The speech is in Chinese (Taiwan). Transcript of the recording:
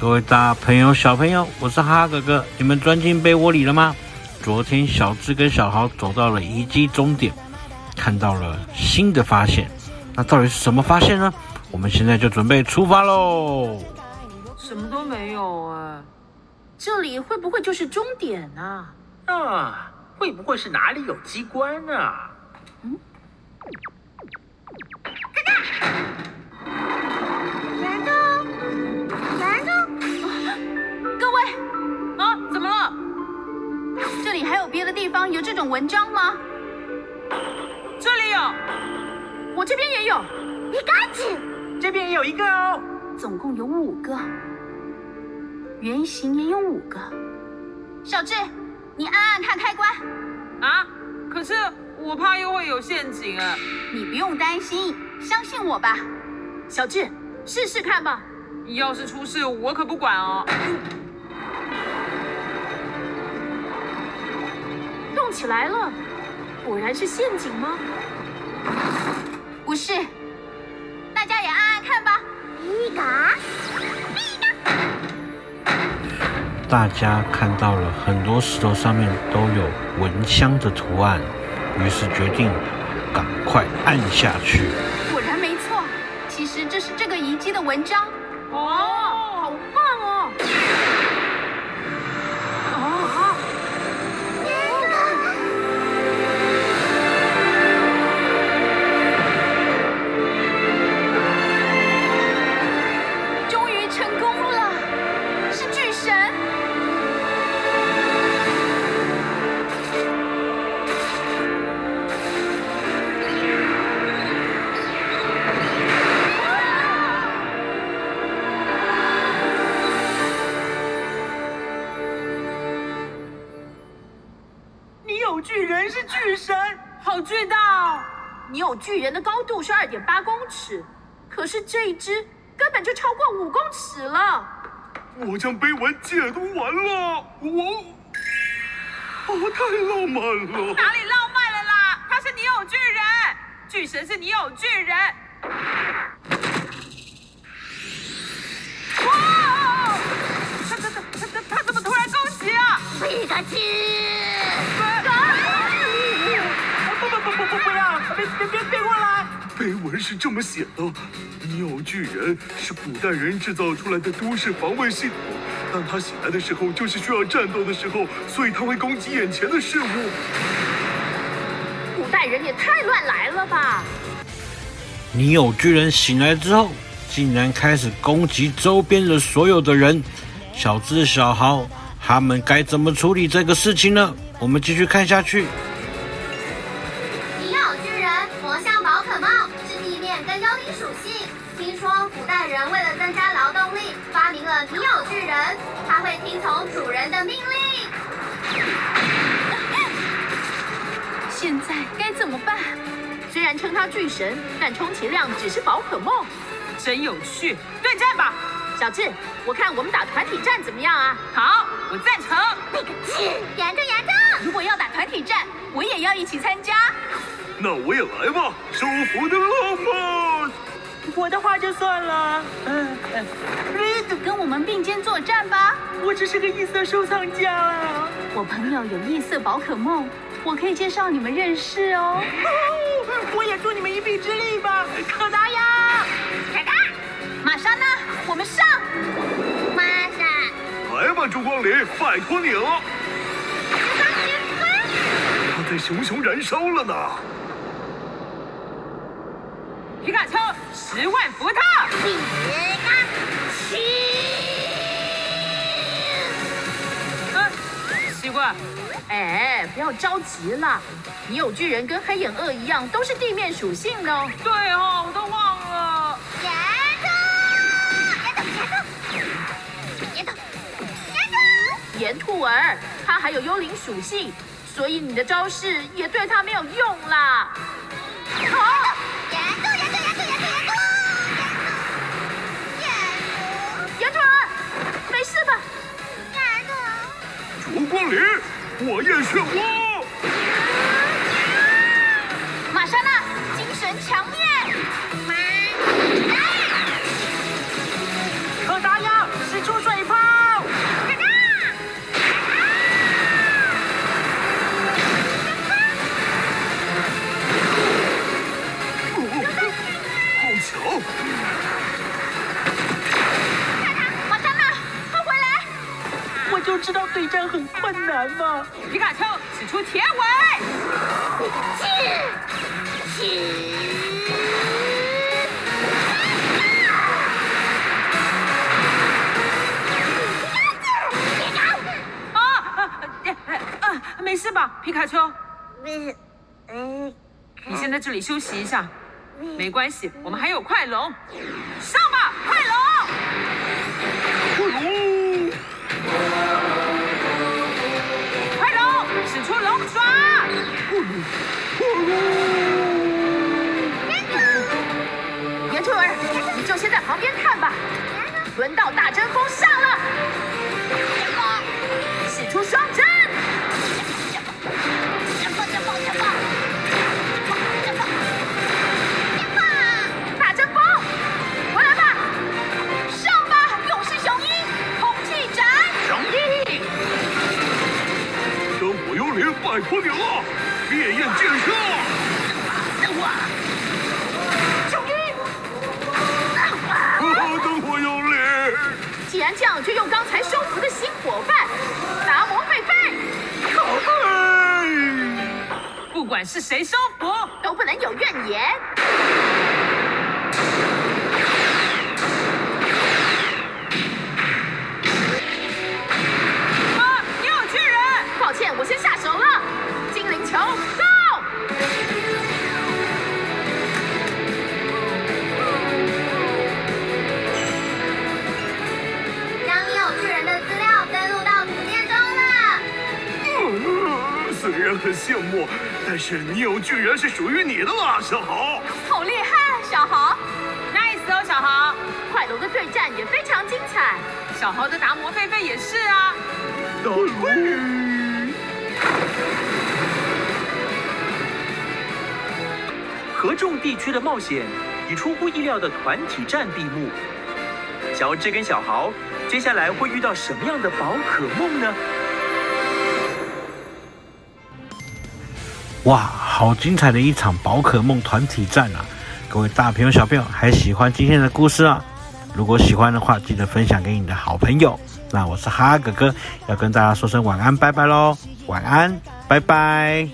各位大朋友、小朋友，我是哈哈哥哥。你們鑽進被窩裡了嗎？昨天小智跟小豪走到了遺跡終點，看到了新的發現。那到底是什麼發現呢？我們現在就準備出發嘍！什麼都沒有啊，這裡會不會就是終點呢、啊？啊，會不會是哪裡有機關呢、啊？嗯。有這種文章嗎？這裡有，我這邊也有，你趕緊這邊也有一個哦，總共有五個，圓形，也有五個。小智，你按按看開關。啊！可是我怕又會有陷阱啊。你不用擔心，相信我吧，小智，試試看吧。你要是出事，我可不管哦。嗯動起來了，果然是陷阱嗎？不是，大家也按按看吧。你大家看到了很多石頭上面都有蚊香的圖案，於是決定趕快按下去。果然沒錯，其實這是這個遺跡的文章。哦。是巨神，好巨大，哦！泥偶巨人的高度是二點八公尺，可是這一隻根本就超過五公尺了。我將碑文解讀完了，我、啊……太浪漫了！哪裡浪漫了啦？他是泥偶巨人，巨神是泥偶巨人。是這麼寫的：尼奧巨人是古代人製造出來的都市防衛系統。當他醒來的時候，就是需要戰鬥的時候，所以他會攻擊眼前的事物。古代人也太亂來了吧！尼奧巨人醒來之後，竟然開始攻擊周邊的所有的人。小智、小豪，他們該怎麼處理這個事情呢？我們繼續看下去。增加勞動力，發明了你有巨人，他會聽從主人的命令。現在該怎麼辦？雖然稱他巨神，但充其量只是寶可夢。真有趣，對戰吧，小智！我看我們打團體戰怎麼樣啊？好，我贊成。你個賤！嚴重，嚴重！如果要打團體戰，我也要一起參加。那我也來吧，收服的浪漫。我的話就算了，嗯嗯，跟我們並肩作戰吧。我只是個異色收藏家啊。我朋友有異色寶可夢，我可以介紹你們認識哦。哦，我也助你們一臂之力吧，可達鴨，可達，瑪莎呢？我們上，瑪莎上，來吧，燭光靈，拜托你了。燃燒進化，它在熊熊燃燒了呢。皮卡丘。十萬伏特！啊，奇怪！哎，不要着急了，你有巨人跟黑眼鱷一樣，都是地面屬性的，對哦，我都忘了。岩兔！岩兔岩兔岩兔！岩兔，兔，兔，兔兒，它還有幽靈屬性，所以你的招式也對它沒有用啦。好。光臨火焰漩渦。知道對戰很困難嗎？皮卡丘，使出鐵尾！啊啊啊，啊！沒事吧，皮卡丘？你先在，在這裡休息一下，沒關係，我們還有快龍，上吧，快龍！旁邊看吧，輪到大針蜂上了。就用剛才收服的新夥伴達摩狒狒，不，不管是誰收服，都不能有怨言。很羨慕，但是你有居然是屬於你的啦，小豪！好厲害啊，小豪，nice 哦，小豪！快樂的對戰也非常精彩，小豪的達摩狒狒也是啊。達摩呼！合眾地區的冒險以出乎意料的團體戰閉幕。小智跟小豪接下來會遇到什麼樣的寶可夢呢？哇，好精彩的一場寶可夢團體戰啊！各位大朋友小朋友，還喜歡今天的故事啊？如果喜歡的話，記得分享給你的好朋友。那我是哈哥哥，要跟大家說聲晚安，拜拜嘍！晚安，拜拜。